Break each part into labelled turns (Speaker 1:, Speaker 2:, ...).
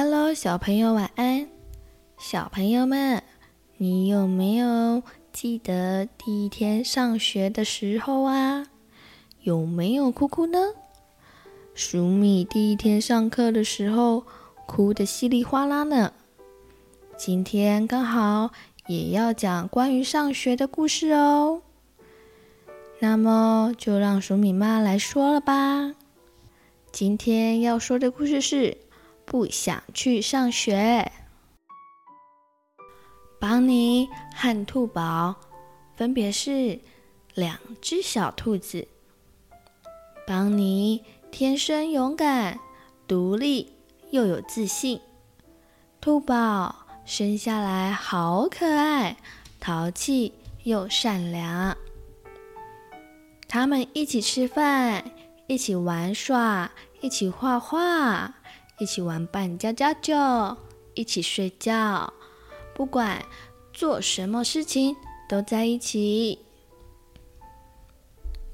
Speaker 1: Hello，小朋友晚安。小朋友們，你有沒有記得第一天上學的時候啊？有沒有哭哭呢？黍米第一天上課的時候，哭得稀里嘩啦呢。今天剛好也要講關於上學的故事哦。那麼就讓黍米媽來說了吧。今天要說的故事是。不想去上學。邦妮和兔寶分別是兩隻小兔子。邦妮天生勇敢、獨立又有自信。兔寶生下來好可愛，淘氣又善良。他們一起吃飯，一起玩耍，一起畫畫。一起玩扮家家酒；一起睡覺，不管做什麼事情都在一起。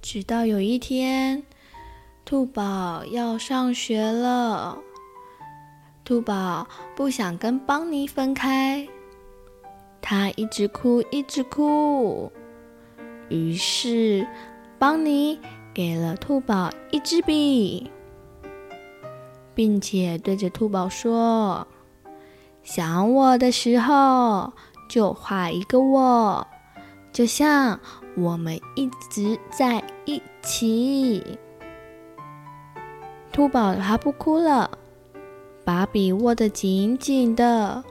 Speaker 1: 直到有一天，兔寶要上學了，兔寶不想跟邦妮分開，她一直哭，一直哭。於是，邦妮給了兔寶一支筆。並且對着兔寶說：“想我的時候就畫一個我，就像我們一直在一起。”兔寶他不哭了，把筆握得緊緊的。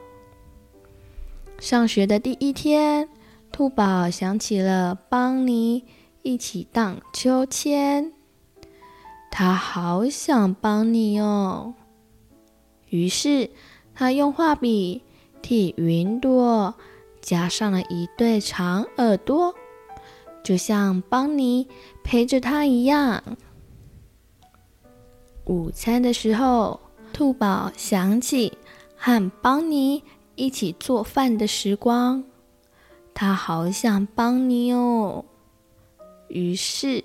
Speaker 1: 上學的第一天，兔寶想起了邦妮，一起盪秋千。他好想邦妮哦，於是他用畫筆替雲朵加上了一對長耳朵，就像邦妮陪着他一樣。午餐的時候，兔寶想起和邦妮一起做飯的時光，他好想邦妮哦，於是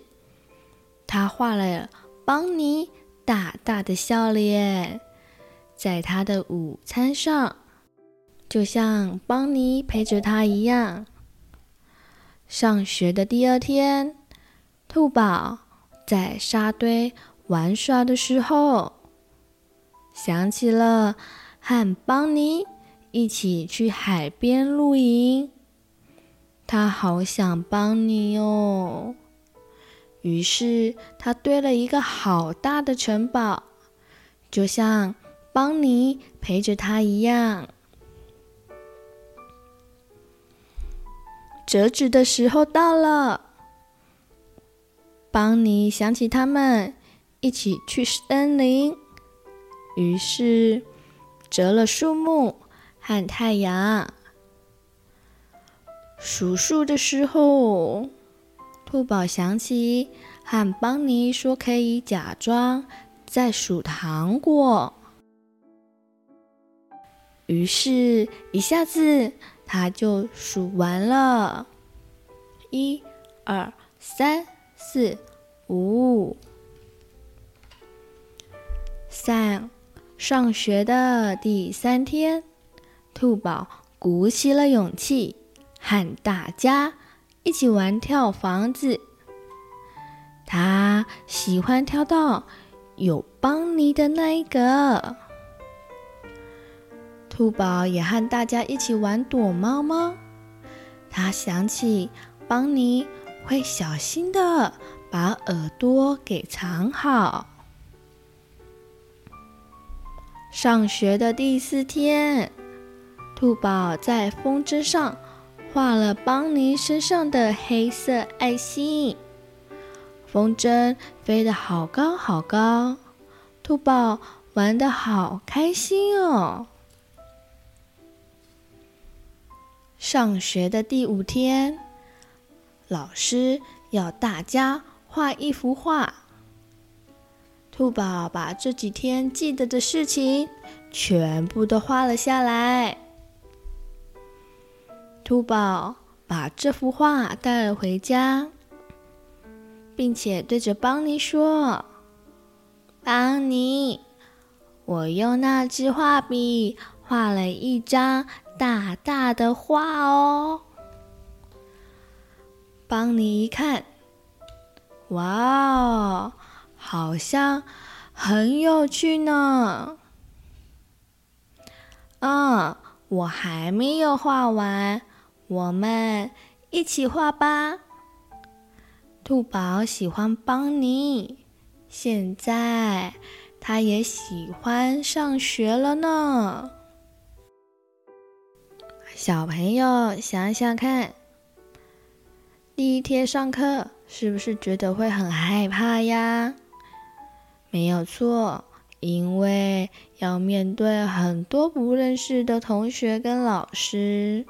Speaker 1: 他畫了。邦妮大大的笑臉，在他的午餐上，就像邦妮陪着他一樣。上學的第二天，兔寶在沙堆玩耍的時候，想起了和邦妮一起去海邊露營，他好想邦妮哦。於是他堆了一個好大的城堡，就像邦妮陪着他一樣。摺紙的時候到了，邦妮想起他們一起去森林，於是折了樹木和太陽。數數的時候。兔寶想起和邦尼說可以假裝在數糖果，於是一下子他就數完了，一、二、三、四、五。三上學的第三天，兔寶鼓起了勇氣和大家。一起玩跳房子，他喜歡跳到有邦尼的那一格。兔寶也和大家一起玩躲貓貓，他想起邦尼會小心的把耳朵給藏好。上學的第四天，兔寶在風箏上。畫了邦妮身上的黑色愛心，風箏飛得好高好高，兔寶玩得好開心哦。上學的第五天，老師要大家畫一幅畫，兔寶把這幾天記得的事情全部都畫了下來。兔寶把這幅畫帶了回家，並且對着邦尼說：“邦尼，我用那支畫筆畫了一張大大的畫哦。”邦尼一看，哇哦，好像很有趣呢。嗯，我還沒有畫完。我們一起畫吧。兔寶喜歡邦妮，現在他也喜歡上學了呢。小朋友想想看，第一天上課是不是覺得會很害怕呀？沒有錯，因為要面對很多不認識的同學跟老師。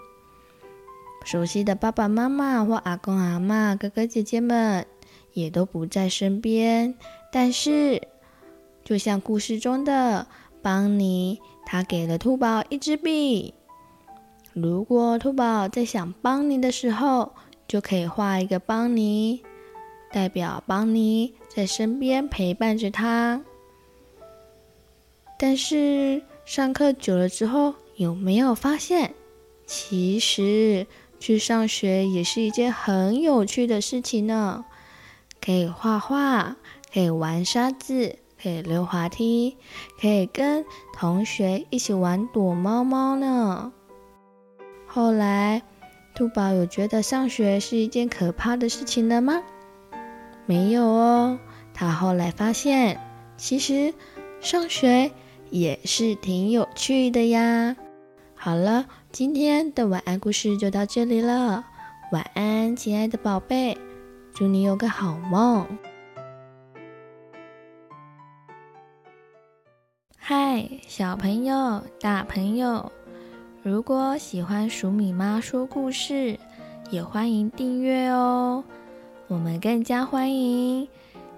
Speaker 1: 熟悉的爸爸媽媽或阿公阿嬤、哥哥姐姐們也都不在身邊，但是就像故事中的邦妮，他給了兔寶一支筆。如果兔寶在想邦妮的時候，就可以畫一個邦妮，代表邦妮在身邊陪伴着他。但是上課久了之後，有沒有發現，其實？去上學也是一件很有趣的事情呢，可以畫畫，可以玩沙子，可以溜滑梯，可以跟同學一起玩躲貓貓呢。後來，兔寶有覺得上學是一件可怕的事情了嗎？沒有哦，他後來發現，其實上學也是挺有趣的呀。好了。今天的晚安故事就到這裡了，晚安，親愛的寶貝，祝你有個好夢。嗨，小朋友、大朋友，如果喜歡黍米媽說故事，也歡迎訂閱哦。我們更加歡迎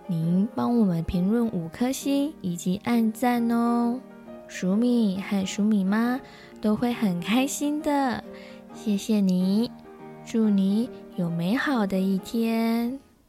Speaker 1: 您幫我們評論五顆星以及按讚哦。黍米和黍米媽，都會很開心的，謝謝你，祝你有美好的一天。